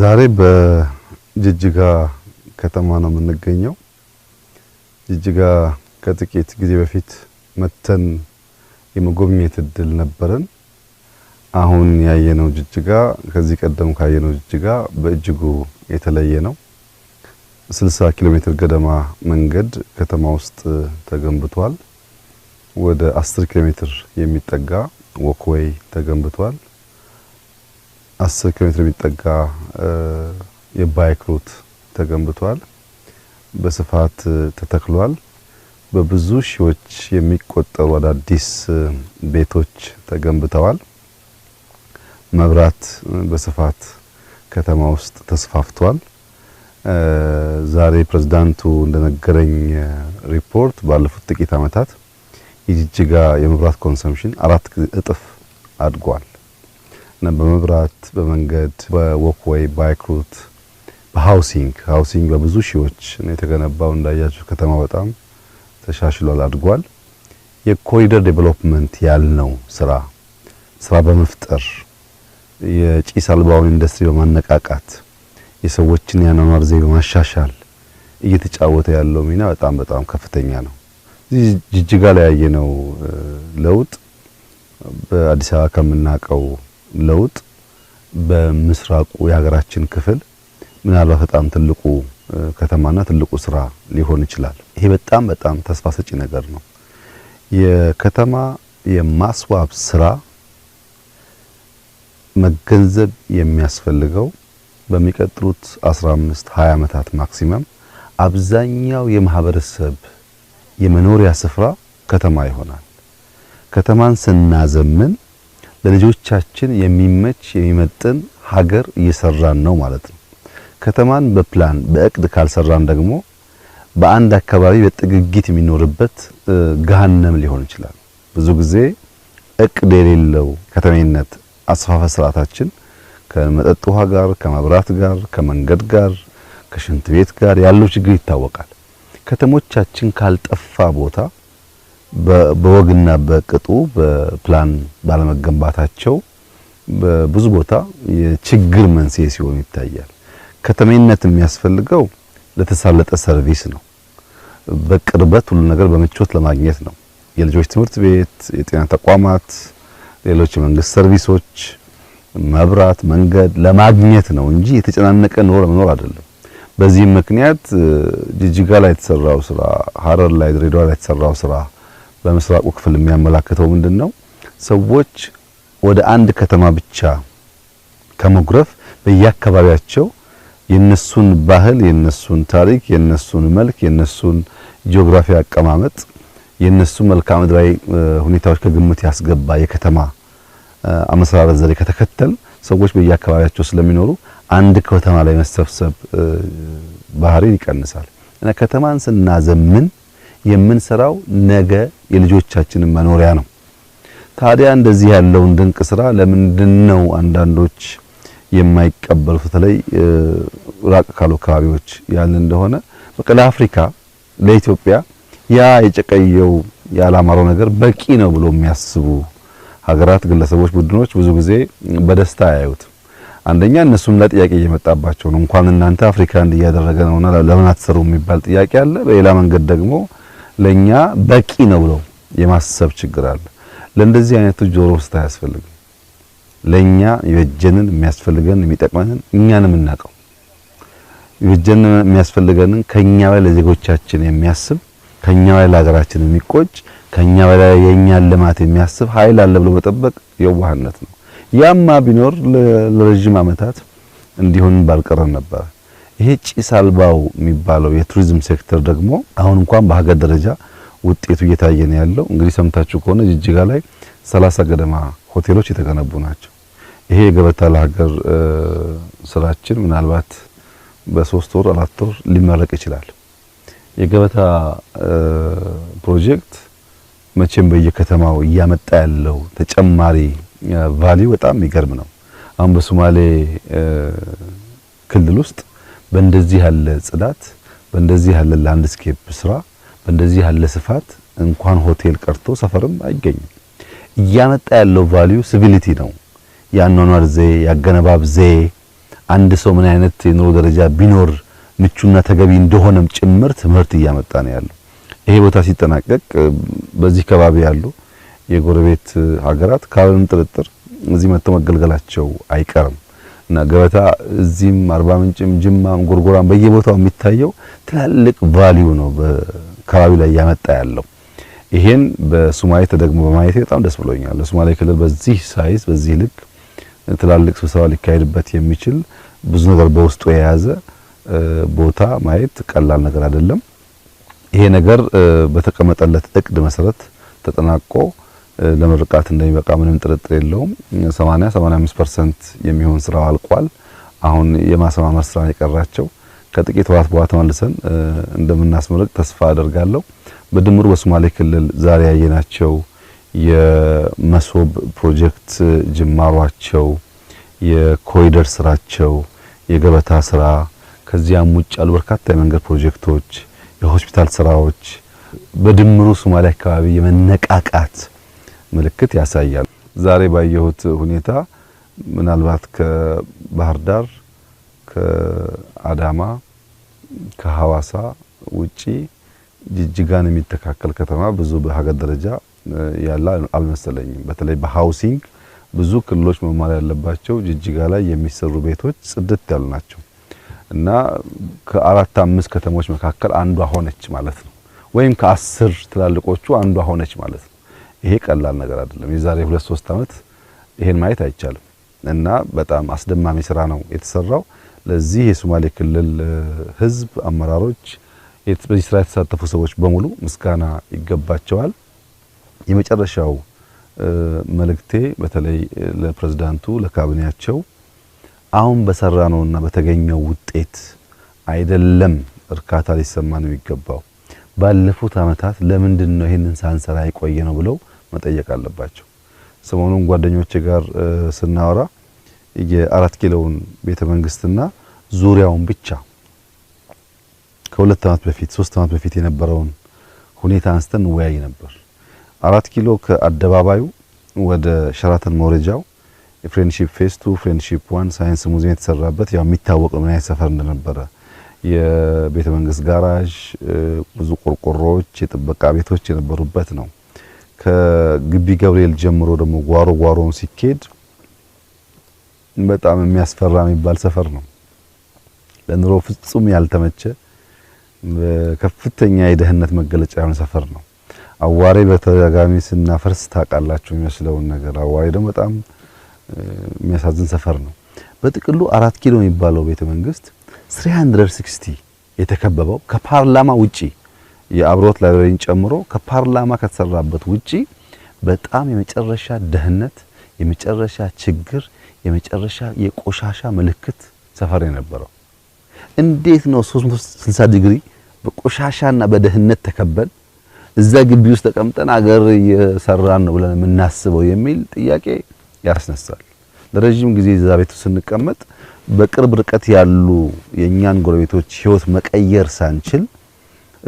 ዛሬ በጅጅጋ ከተማ ነው የምንገኘው። ጅጅጋ ከጥቂት ጊዜ በፊት መተን የመጎብኘት እድል ነበረን። አሁን ያየነው ጅጅጋ ከዚህ ቀደም ካየነው ጅጅጋ በእጅጉ የተለየ ነው። 60 ኪሎ ሜትር ገደማ መንገድ ከተማ ውስጥ ተገንብቷል። ወደ 10 ኪሎ ሜትር የሚጠጋ ወክወይ ተገንብቷል። አስር ኪሎ ሜትር የሚጠጋ የባይክ ሩት ተገንብቷል። በስፋት ተተክሏል። በብዙ ሺዎች የሚቆጠሩ አዳዲስ ቤቶች ተገንብተዋል። መብራት በስፋት ከተማ ውስጥ ተስፋፍቷል። ዛሬ ፕሬዝዳንቱ እንደነገረኝ ሪፖርት ባለፉት ጥቂት ዓመታት የጅጅጋ የመብራት ኮንሰምሽን አራት እጥፍ አድጓል። በመብራት፣ በመንገድ፣ በወክዌይ፣ በአይክሩት፣ በሃውሲንግ ሃውሲንግ በብዙ ሺዎች የተገነባው። እንዳያችሁ ከተማ በጣም ተሻሽሏል፣ አድጓል። የኮሪደር ዴቨሎፕመንት ያልነው ስራ ስራ በመፍጠር የጭስ አልባውን ኢንዱስትሪ በማነቃቃት የሰዎችን የአኗኗር ዘይቤ በማሻሻል እየተጫወተ ያለው ሚና በጣም በጣም ከፍተኛ ነው። እዚህ ጅጅጋ ላይ ያየነው ለውጥ በአዲስ አበባ ከምናውቀው ለውጥ በምስራቁ የሀገራችን ክፍል ምናልባት በጣም ትልቁ ከተማና ትልቁ ስራ ሊሆን ይችላል። ይሄ በጣም በጣም ተስፋ ሰጪ ነገር ነው። የከተማ የማስዋብ ስራ መገንዘብ የሚያስፈልገው በሚቀጥሉት 15 20 አመታት ማክሲመም አብዛኛው የማህበረሰብ የመኖሪያ ስፍራ ከተማ ይሆናል። ከተማን ስናዘምን ለልጆቻችን የሚመች የሚመጥን ሀገር እየሰራን ነው ማለት ነው። ከተማን በፕላን በእቅድ ካልሰራን ደግሞ በአንድ አካባቢ በጥግጊት የሚኖርበት ገሃነም ሊሆን ይችላል። ብዙ ጊዜ እቅድ የሌለው ከተሜነት አሰፋፈ ስርዓታችን ከመጠጥ ውሃ ጋር፣ ከመብራት ጋር፣ ከመንገድ ጋር፣ ከሽንት ቤት ጋር ያለው ችግር ይታወቃል። ከተሞቻችን ካልጠፋ ቦታ በወግና በቅጡ በፕላን ባለመገንባታቸው በብዙ ቦታ የችግር መንስኤ ሲሆን ይታያል። ከተሜነት የሚያስፈልገው ለተሳለጠ ሰርቪስ ነው። በቅርበት ሁሉ ነገር በምቾት ለማግኘት ነው። የልጆች ትምህርት ቤት፣ የጤና ተቋማት፣ ሌሎች የመንግስት ሰርቪሶች፣ መብራት፣ መንገድ ለማግኘት ነው እንጂ የተጨናነቀ ኑሮ ለመኖር አይደለም። በዚህም ምክንያት ጅጅጋ ላይ የተሰራው ስራ፣ ሀረር ላይ፣ ድሬዳዋ ላይ የተሰራው ስራ በምስራቁ ክፍል የሚያመላክተው ምንድን ነው? ሰዎች ወደ አንድ ከተማ ብቻ ከመጉረፍ በየአካባቢያቸው የነሱን ባህል፣ የነሱን ታሪክ፣ የነሱን መልክ፣ የነሱን ጂኦግራፊ አቀማመጥ፣ የነሱ መልክዓ ምድራዊ ሁኔታዎች ከግምት ያስገባ የከተማ አመሰራረት ዘዴ ከተከተል ሰዎች በየአካባቢያቸው ስለሚኖሩ አንድ ከተማ ላይ መሰብሰብ ባህሪን ይቀንሳል እና ከተማን ስናዘምን የምንሰራው ነገ የልጆቻችን መኖሪያ ነው። ታዲያ እንደዚህ ያለውን ድንቅ ስራ ለምንድን ነው አንዳንዶች የማይቀበሉ በተለይ ራቅ ካሉ አካባቢዎች ያለ እንደሆነ በቃ ለአፍሪካ ለኢትዮጵያ ያ የጨቀየው ያላማረው ነገር በቂ ነው ብሎ የሚያስቡ ሀገራት፣ ግለሰቦች፣ ቡድኖች ብዙ ጊዜ በደስታ ያዩት። አንደኛ እነሱም ለጥያቄ እየመጣባቸው ነው። እንኳን እናንተ አፍሪካ እንዲያደረገ ነውና ለምን አትሰሩ የሚባል ጥያቄ አለ። በሌላ መንገድ ደግሞ ለኛ በቂ ነው ብለው የማሰብ ችግር አለ። ለእንደዚህ አይነቱ ጆሮ ውስጥ አያስፈልግም። ለኛ ይበጀንን የሚያስፈልገን የሚጠቅመንን እኛን የምናውቀው ይበጀንን የሚያስፈልገንን ከኛ በላይ ለዜጎቻችን የሚያስብ ከኛ በላይ ለሀገራችን የሚቆጭ ከኛ በላይ የእኛን ልማት የሚያስብ ኃይል አለ ብሎ መጠበቅ የዋህነት ነው። ያማ ቢኖር ለረጅም ዓመታት እንዲሆን ባልቀረን ነበር። ይሄ ጭስ አልባው የሚባለው የቱሪዝም ሴክተር ደግሞ አሁን እንኳን በሀገር ደረጃ ውጤቱ እየታየ ነው ያለው። እንግዲህ ሰምታችሁ ከሆነ ጅጅጋ ላይ ሰላሳ ገደማ ሆቴሎች የተገነቡ ናቸው። ይሄ የገበታ ለሀገር ስራችን ምናልባት በሶስት ወር አራት ወር ሊመረቅ ይችላል። የገበታ ፕሮጀክት መቼም በየከተማው እያመጣ ያለው ተጨማሪ ቫሊዩ በጣም የሚገርም ነው። አሁን በሶማሌ ክልል ውስጥ በእንደዚህ ያለ ጽዳት፣ በእንደዚህ ያለ ላንድስኬፕ ስራ፣ በእንደዚህ ያለ ስፋት እንኳን ሆቴል ቀርቶ ሰፈርም አይገኝም። እያመጣ ያለው ቫልዩ ሲቪሊቲ ነው። የአኗኗር ዘዬ፣ የአገነባብ ዘዬ አንድ ሰው ምን አይነት የኑሮ ደረጃ ቢኖር ምቹና ተገቢ እንደሆነም ጭምር ትምህርት እያመጣ ነው ያለው። ይሄ ቦታ ሲጠናቀቅ በዚህ ከባቢ ያሉ የጎረቤት ሀገራት ካለምንም ጥርጥር እዚህ መጥተው መገልገላቸው አይቀርም። እና ገበታ እዚህም አርባ ምንጭም ጅማም ጎርጎራም በየቦታው የሚታየው ትላልቅ ቫሊዩ ነው በአካባቢ ላይ እያመጣ ያለው። ይሄን በሱማሌ ተደግሞ በማየቴ በጣም ደስ ብሎኛል። ለሱማሌ ክልል በዚህ ሳይዝ በዚህ ልክ ትላልቅ ስብሰባ ሊካሄድበት የሚችል ብዙ ነገር በውስጡ የያዘ ቦታ ማየት ቀላል ነገር አይደለም። ይሄ ነገር በተቀመጠለት እቅድ መሰረት ተጠናቆ ለምርቃት እንደሚበቃ ምንም ጥርጥር የለውም። 80 85% የሚሆን ስራው አልቋል። አሁን የማሰማመር ስራ የቀራቸው ከጥቂት ወራት በኋላ ተመልሰን እንደምናስመርቅ ተስፋ አደርጋለሁ። በድምሩ በሶማሌ ክልል ዛሬ ያየናቸው የመሶብ ፕሮጀክት ጅማሯቸው፣ የኮሪደር ስራቸው፣ የገበታ ስራ ከዚያም ውጭ ያሉ በርካታ የመንገድ ፕሮጀክቶች፣ የሆስፒታል ስራዎች በድምሩ ሶማሌ አካባቢ የመነቃቃት ምልክት ያሳያል። ዛሬ ባየሁት ሁኔታ ምናልባት ከባህር ዳር፣ ከአዳማ፣ ከሐዋሳ ውጪ ጅጅጋን የሚተካከል ከተማ ብዙ በሀገር ደረጃ ያለ አልመሰለኝም። በተለይ በሃውሲንግ ብዙ ክልሎች መማር ያለባቸው ጅጅጋ ላይ የሚሰሩ ቤቶች ጽድት ያሉ ናቸው እና ከአራት አምስት ከተሞች መካከል አንዷ ሆነች ማለት ነው። ወይም ከአስር ትላልቆቹ አንዷ ሆነች ማለት ነው። ይሄ ቀላል ነገር አይደለም። የዛሬ ሁለት ሶስት ዓመት ይሄን ማየት አይቻልም እና በጣም አስደማሚ ስራ ነው የተሰራው። ለዚህ የሶማሌ ክልል ህዝብ፣ አመራሮች፣ በዚህ ስራ የተሳተፉ ሰዎች በሙሉ ምስጋና ይገባቸዋል። የመጨረሻው መልእክቴ በተለይ ለፕሬዝዳንቱ፣ ለካቢኔያቸው አሁን በሰራ ነውና በተገኘው ውጤት አይደለም እርካታ ሊሰማ ነው የሚገባው። ባለፉት አመታት ለምንድን ነው ይህንን ሳንሰራ የቆየ ነው ብለው መጠየቅ አለባቸው ሰሞኑን ጓደኞቼ ጋር ስናወራ የአራት ኪሎውን ቤተ መንግስትና ዙሪያውን ብቻ ከሁለት አመት በፊት ሶስት አመት በፊት የነበረውን ሁኔታ አንስተን እንወያይ ነበር። አራት ኪሎ ከአደባባዩ ወደ ሸራተን መውረጃው የፍሬንድሺፕ ፌስ ቱ ፍሬንድሺፕ ዋን ሳይንስ ሙዚየም የተሰራበት ያው የሚታወቅ ምን አይነት ሰፈር እንደነበረ የቤተ መንግስት ጋራዥ፣ ብዙ ቆርቆሮዎች፣ የጥበቃ ቤቶች የነበሩበት ነው። ከግቢ ገብርኤል ጀምሮ ደግሞ ጓሮ ጓሮውን ሲኬድ በጣም የሚያስፈራ የሚባል ሰፈር ነው። ለኑሮ ፍጹም ያልተመቸ ከፍተኛ የደህንነት መገለጫ የሆነ ሰፈር ነው። አዋሬ በተደጋጋሚ ስናፈርስ ታውቃላችሁ የሚመስለውን ነገር። አዋሬ ደግሞ በጣም የሚያሳዝን ሰፈር ነው። በጥቅሉ አራት ኪሎ የሚባለው ቤተ መንግስት 360 የተከበበው ከፓርላማ ውጪ የአብሮት ላይብረሪን ጨምሮ ከፓርላማ ከተሰራበት ውጪ በጣም የመጨረሻ ደህንነት፣ የመጨረሻ ችግር፣ የመጨረሻ የቆሻሻ ምልክት ሰፈር የነበረው እንዴት ነው 360 ዲግሪ በቆሻሻና በደህንነት ተከበን እዛ ግቢ ውስጥ ተቀምጠን አገር እየሰራን ነው ብለን የምናስበው የሚል ጥያቄ ያስነሳል። ለረጅም ጊዜ እዛ ቤቱ ስንቀመጥ በቅርብ ርቀት ያሉ የእኛን ጎረቤቶች ህይወት መቀየር ሳንችል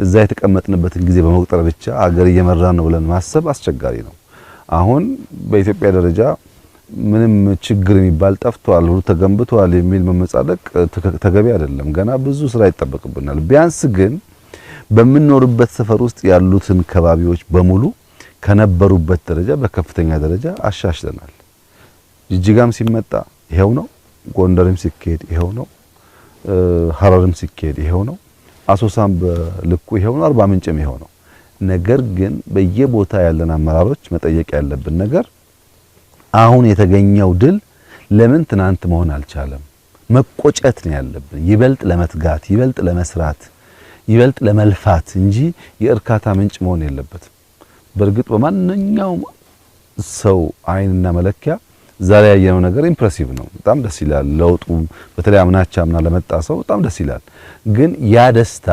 እዛ የተቀመጥንበትን ጊዜ በመቁጠር ብቻ አገር እየመራን ነው ብለን ማሰብ አስቸጋሪ ነው። አሁን በኢትዮጵያ ደረጃ ምንም ችግር የሚባል ጠፍቷል፣ ሁሉ ተገንብቷል የሚል መመጻደቅ ተገቢ አይደለም። ገና ብዙ ስራ ይጠበቅብናል። ቢያንስ ግን በምንኖርበት ሰፈር ውስጥ ያሉትን ከባቢዎች በሙሉ ከነበሩበት ደረጃ በከፍተኛ ደረጃ አሻሽለናል። ጅጅጋም ሲመጣ ይሄው ነው፣ ጎንደርም ሲካሄድ ይሄው ነው፣ ሀረርም ሲካሄድ ይሄው ነው። አሶሳም በልኩ ይሄው ነው፣ አርባ ምንጭም ይሄው ነው። ነገር ግን በየቦታ ያለን አመራሮች መጠየቅ ያለብን ነገር አሁን የተገኘው ድል ለምን ትናንት መሆን አልቻለም? መቆጨት ነው ያለብን። ይበልጥ ለመትጋት ይበልጥ ለመስራት ይበልጥ ለመልፋት እንጂ የእርካታ ምንጭ መሆን የለበትም። በእርግጥ በማንኛውም ሰው አይንና መለኪያ ዛሬ ያየነው ነገር ኢምፕሬሲቭ ነው። በጣም ደስ ይላል ለውጡ። በተለይ አምናቻ አምና ለመጣ ሰው በጣም ደስ ይላል። ግን ያ ደስታ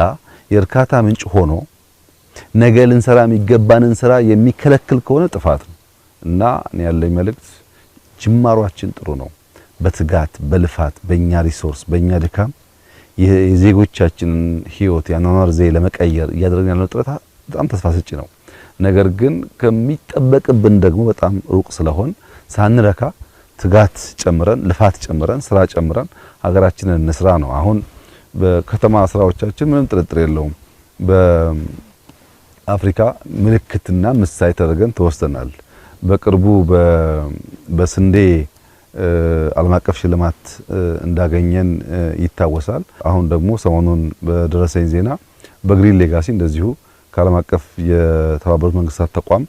የእርካታ ምንጭ ሆኖ ነገ ልንሰራ የሚገባንን ስራ የሚከለክል ከሆነ ጥፋት ነው እና እኔ ያለኝ መልእክት ጅማሯችን ጥሩ ነው። በትጋት በልፋት፣ በእኛ ሪሶርስ፣ በእኛ ድካም የዜጎቻችንን ህይወት የአኗኗር ዘዬ ለመቀየር እያደረግን ያለው ጥረት በጣም ተስፋ ሰጪ ነው። ነገር ግን ከሚጠበቅብን ደግሞ በጣም ሩቅ ስለሆን ሳንረካ ትጋት ጨምረን ልፋት ጨምረን ስራ ጨምረን ሀገራችንን እንስራ ነው። አሁን በከተማ ስራዎቻችን ምንም ጥርጥር የለውም በአፍሪካ ምልክትና ምሳሌ ተደርገን ተወሰናል። በቅርቡ በስንዴ ዓለም አቀፍ ሽልማት እንዳገኘን ይታወሳል። አሁን ደግሞ ሰሞኑን በደረሰኝ ዜና በግሪን ሌጋሲ እንደዚሁ ከዓለም አቀፍ የተባበሩት መንግስታት ተቋም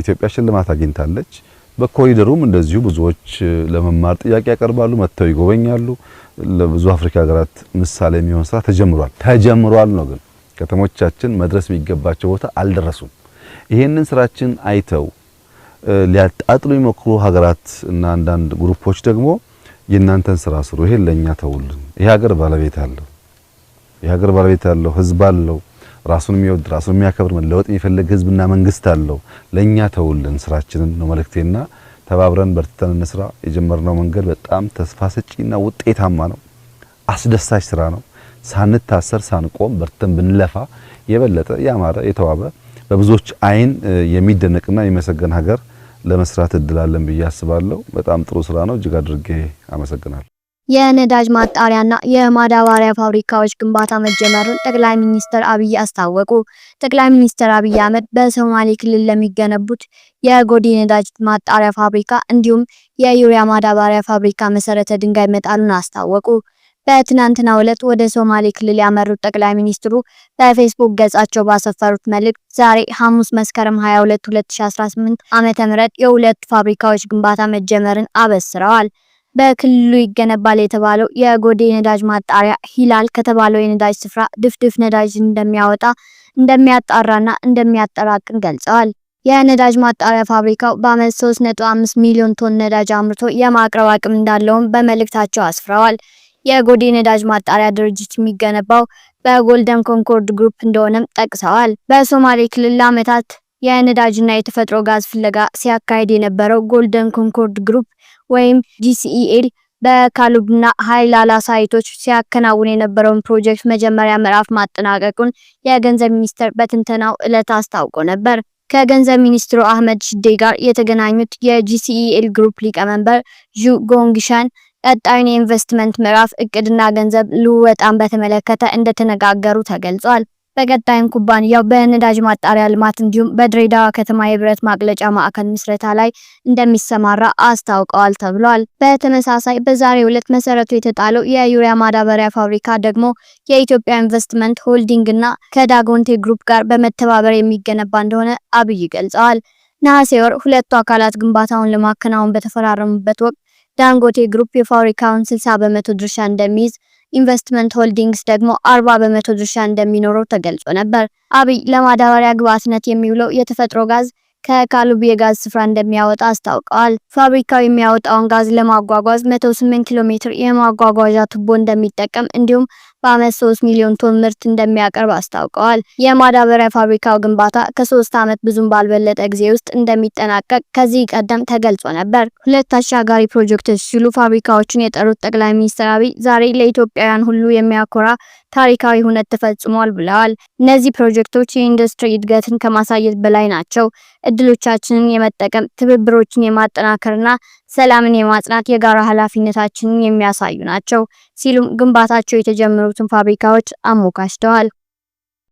ኢትዮጵያ ሽልማት አግኝታለች። በኮሪደሩም እንደዚሁ ብዙዎች ለመማር ጥያቄ ያቀርባሉ፣ መጥተው ይጎበኛሉ። ለብዙ አፍሪካ ሀገራት ምሳሌ የሚሆን ስራ ተጀምሯል ተጀምሯል ነው። ግን ከተሞቻችን መድረስ የሚገባቸው ቦታ አልደረሱም። ይሄንን ስራችን አይተው ሊያጣጥሉ የሚሞክሩ ሀገራት እና አንዳንድ ግሩፖች ደግሞ የእናንተን ስራ ስሩ፣ ይሄን ለኛ ተውልን። ይሄ ሀገር ባለቤት አለው፣ ይሄ ሀገር ባለቤት አለው፣ ህዝብ አለው ራሱን የሚወድ ራሱን የሚያከብር መለወጥ የሚፈልግ ህዝብና መንግስት አለው። ለኛ ተውልን ስራችንን ነው መልእክቴና ተባብረን በርትተን እንስራ። የጀመርነው መንገድ በጣም ተስፋ ሰጪና ውጤታማ ነው። አስደሳች ስራ ነው። ሳንታሰር ሳንቆም በርትተን ብንለፋ የበለጠ ያማረ የተዋበ በብዙዎች አይን የሚደነቅና የሚመሰገን ሀገር ለመስራት እድላለን ብዬ አስባለሁ። በጣም ጥሩ ስራ ነው። እጅግ አድርጌ አመሰግናለሁ። የነዳጅ ማጣሪያና የማዳበሪያ ፋብሪካዎች ግንባታ መጀመሩን ጠቅላይ ሚኒስትር አብይ አስታወቁ። ጠቅላይ ሚኒስትር አብይ አህመድ በሶማሌ ክልል ለሚገነቡት የጎዴ ነዳጅ ማጣሪያ ፋብሪካ እንዲሁም የዩሪያ ማዳበሪያ ፋብሪካ መሰረተ ድንጋይ መጣሉን አስታወቁ። በትናንትና ዕለት ወደ ሶማሌ ክልል ያመሩት ጠቅላይ ሚኒስትሩ በፌስቡክ ገጻቸው ባሰፈሩት መልእክት ዛሬ ሐሙስ መስከረም 22 2018 ዓ.ም የሁለት ፋብሪካዎች ግንባታ መጀመርን አበስረዋል። በክልሉ ይገነባል የተባለው የጎዴ ነዳጅ ማጣሪያ ሂላል ከተባለው የነዳጅ ስፍራ ድፍድፍ ነዳጅ እንደሚያወጣ እንደሚያጣራና እንደሚያጠራቅም ገልጸዋል። የነዳጅ ማጣሪያ ፋብሪካው በአመት 3.5 ሚሊዮን ቶን ነዳጅ አምርቶ የማቅረብ አቅም እንዳለውም በመልእክታቸው አስፍረዋል። የጎዴ ነዳጅ ማጣሪያ ድርጅት የሚገነባው በጎልደን ኮንኮርድ ግሩፕ እንደሆነም ጠቅሰዋል። በሶማሌ ክልል ለዓመታት የነዳጅና የተፈጥሮ ጋዝ ፍለጋ ሲያካሄድ የነበረው ጎልደን ኮንኮርድ ግሩፕ ወይም ጂሲኢኤል e በካሉብና ሀይላላ ሳይቶች ሲያከናውን የነበረውን ፕሮጀክት መጀመሪያ ምዕራፍ ማጠናቀቁን የገንዘብ ሚኒስቴር በትንተናው ዕለት አስታውቆ ነበር። ከገንዘብ ሚኒስትሩ አህመድ ሽዴ ጋር የተገናኙት የጂሲኢኤል ግሩፕ e ሊቀመንበር ዡ ጎንግሻን ቀጣዩን የኢንቨስትመንት ምዕራፍ እቅድና ገንዘብ ልውወጣን በተመለከተ እንደተነጋገሩ ተገልጿል። በቀጣይም ኩባንያው በነዳጅ ማጣሪያ ልማት እንዲሁም በድሬዳዋ ከተማ የብረት ማቅለጫ ማዕከል ምስረታ ላይ እንደሚሰማራ አስታውቀዋል ተብሏል። በተመሳሳይ በዛሬው ዕለት መሰረቱ የተጣለው የዩሪያ ማዳበሪያ ፋብሪካ ደግሞ የኢትዮጵያ ኢንቨስትመንት ሆልዲንግ እና ከዳጎንቴ ግሩፕ ጋር በመተባበር የሚገነባ እንደሆነ አብይ ገልጸዋል። ነሐሴ ወር ሁለቱ አካላት ግንባታውን ለማከናወን በተፈራረሙበት ወቅት ዳንጎቴ ግሩፕ የፋብሪካውን 60 በመቶ ድርሻ እንደሚይዝ ኢንቨስትመንት ሆልዲንግስ ደግሞ አርባ በመቶ ድርሻ እንደሚኖረው ተገልጾ ነበር። አብይ ለማዳበሪያ ግብዓትነት የሚውለው የተፈጥሮ ጋዝ ከካሉብ የጋዝ ስፍራ እንደሚያወጣ አስታውቀዋል። ፋብሪካው የሚያወጣውን ጋዝ ለማጓጓዝ 108 ኪሎ ሜትር የማጓጓዣ ቱቦ እንደሚጠቀም እንዲሁም በአመት 3 ሚሊዮን ቶን ምርት እንደሚያቀርብ አስታውቀዋል። የማዳበሪያ ፋብሪካው ግንባታ ከሶስት ዓመት ብዙም ባልበለጠ ጊዜ ውስጥ እንደሚጠናቀቅ ከዚህ ቀደም ተገልጾ ነበር። ሁለት አሻጋሪ ፕሮጀክቶች ሲሉ ፋብሪካዎቹን የጠሩት ጠቅላይ ሚኒስትር አብይ ዛሬ ለኢትዮጵያውያን ሁሉ የሚያኮራ ታሪካዊ ሁነት ተፈጽሟል ብለዋል። እነዚህ ፕሮጀክቶች የኢንዱስትሪ እድገትን ከማሳየት በላይ ናቸው። እድሎቻችንን የመጠቀም ትብብሮችን የማጠናከርና ሰላምን የማጽናት የጋራ ኃላፊነታችንን የሚያሳዩ ናቸው ሲሉም ግንባታቸው የተጀመሩትን ፋብሪካዎች አሞካሽተዋል።